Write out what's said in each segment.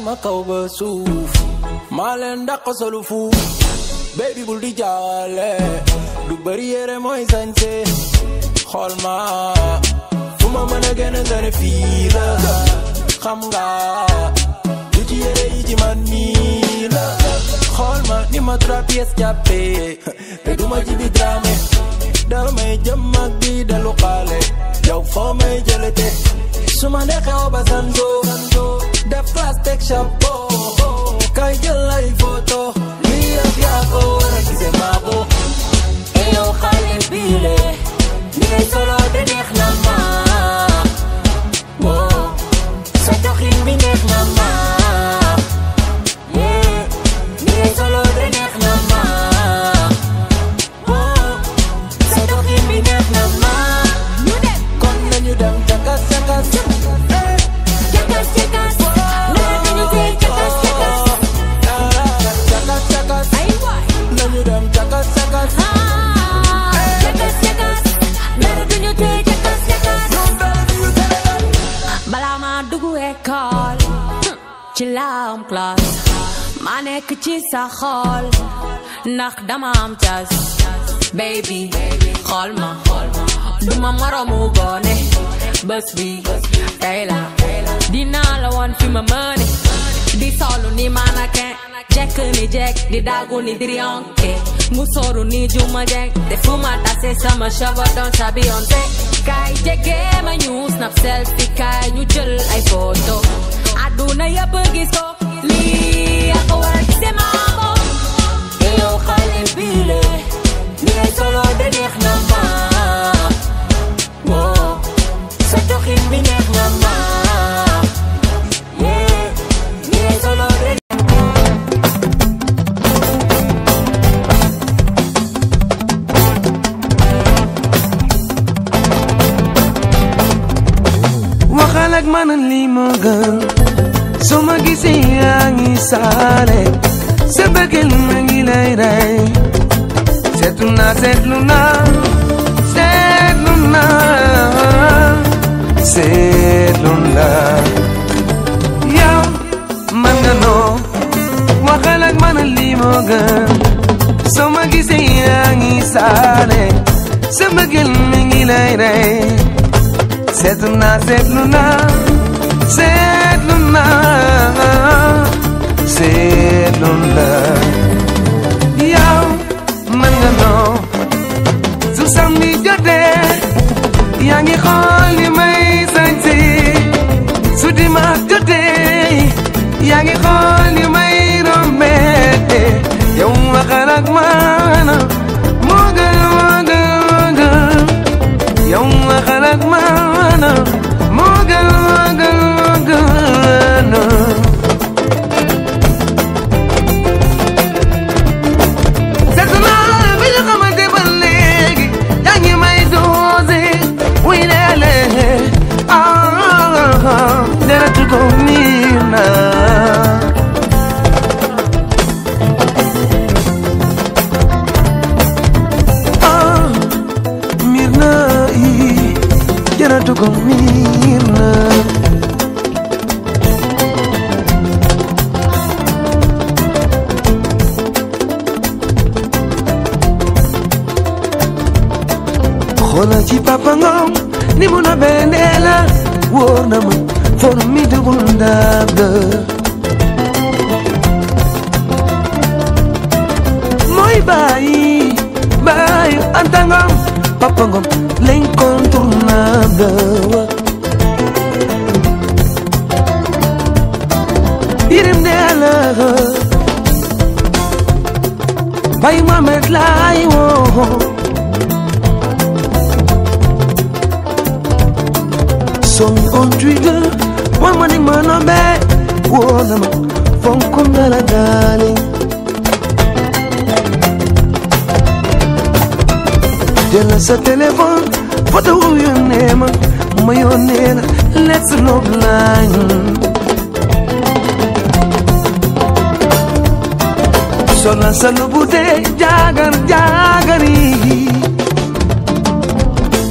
ma kaw ba suuf maa baby bul di jaale du bëri yére mooy sañse xool ma fu ma mën a gën a gën la xam nga du ci yi ci man la ma ni ma trois pièces jàppee te du ma jibi drame dara may jëm mag di delu xaale yow foo may suma neexee woo ba santo def class teg chapeau kay jël lay photo lii yëpp yaa ko war a gisee Manek nekk ci sa damam ndax dama am cas baby xool ma duma moromu gone bés bi tey la dinaa la want fi ma mëne di solo ni mannequin Jack ni jack, di daggu ni dirionke musoro ni juma jekk te fuma ta tase sama cheveux doon sa Beyoncé Kai jege ma ñu snap selfie Kai ñu jël ay photo Aduna ya gis ko Solo de niech na was sumagisiyaan isaale sebegel magilairai setuna setluna setluna setluna yaw mangano wakalag manalimogan sumagisiyaan isaale sebegel magilairai setuna setluna setluna naa c'est loolu la yow mën nga noo su samedi jotee yaa ngi xool li may sañse su dimanche jotee yaa ngi may rombee yow waxal ak maanaam wala ci papa Ngom ni mu na bendee la wóor na ma formidable ndam la mooy bàyyi bàyyi Anta Ngom papa Ngom l'incontournable sa téléphone photo wu yónnee ma ma yónnee la let's love line solal sa lu bu dee jaagar jaagar yi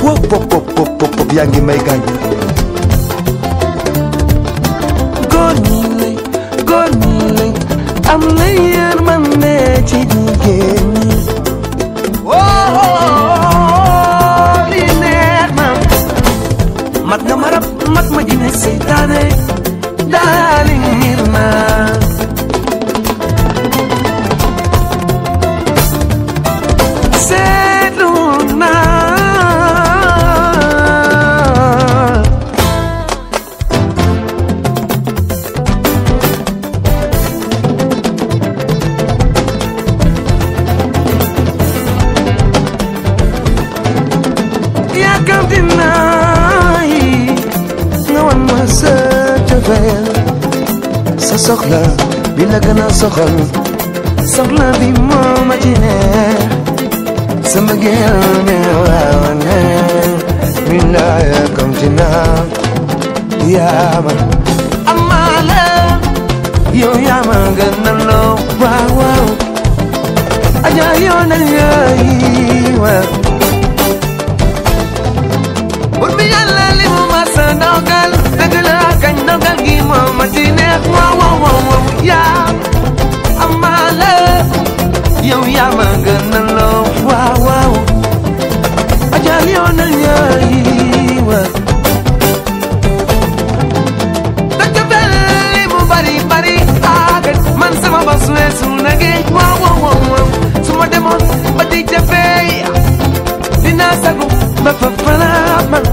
pop pop pop pop pop yaa ngi may gaañ góor ñi lay góor ñi lay am na yërmande ci Muy bien, sí, Daniel. sa soxla bi la gën a soxal soxla bi moo ci ne sama gel ne waaw ne mi ya comme ci naa yaa ma amala yo ya ma gën lo loo waaw waaw aja yo na yooyi waaw bur bi yàlla li mu ma sa dawgal dëgg kañ ndogal gi moo ma ci neex waaw waaw waaw yaa amaale yow yaa ma gënal loo waaw waaw ajaal yoon na ñaayi wa dëkk belli mu bari bari aagat man sama bas weesu na gi waaw waaw waaw su ma demoon ba di jafee dinaa sagu ba fa fanaa man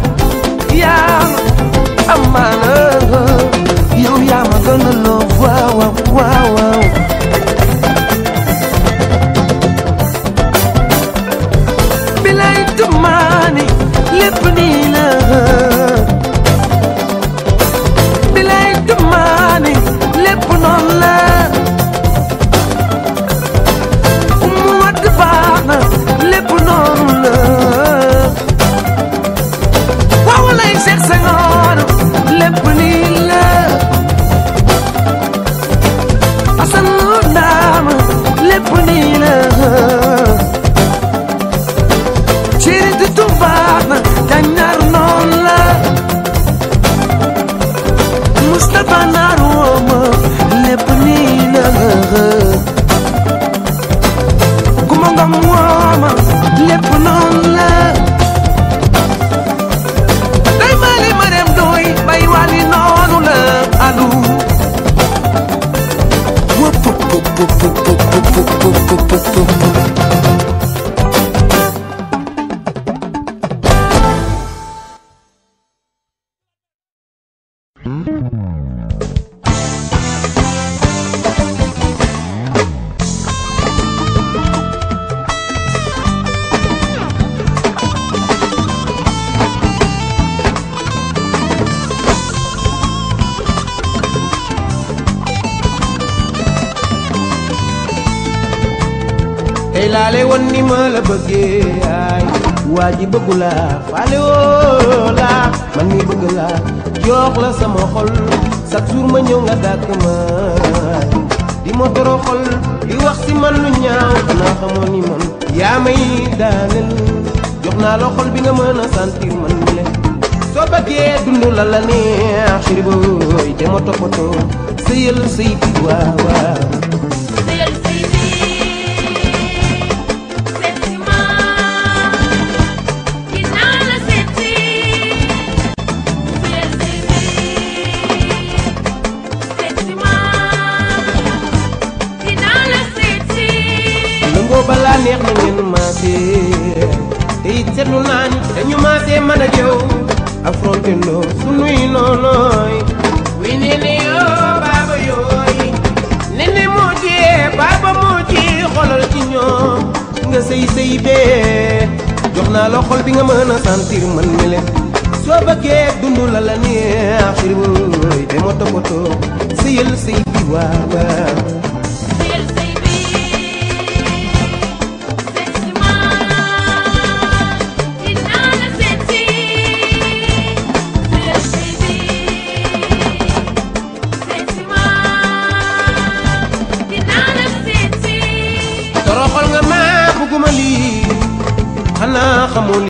tey laa lay won ni ma la bëggee ay waa ji bëggu la faale woo la man mi bëgg la jox la sama xol chaque jour ma ñëw nga dàkk ma di ma toro xol di wax si man lu ñaaw xanaa xamoon ni man yaa may daaneel jox naa la xol bi nga mën a sentir man mi le soo bëggee dund la la neex xiri booy te ma sëyal sëy bi waaw seetlu naa ñu dañu maasee mën a jëw affronté loo sunuy noonooy wi ne ne yoo baaba yooy ne ne moo jee baaba moo jee xolal ci ñoom nga sëy sëy bee jox naa la xol bi nga mën a sentir man mi leen soo bëggee dund la la neex firwooy te moo toppatoo sëyal sëy bi waaba மோசமுனி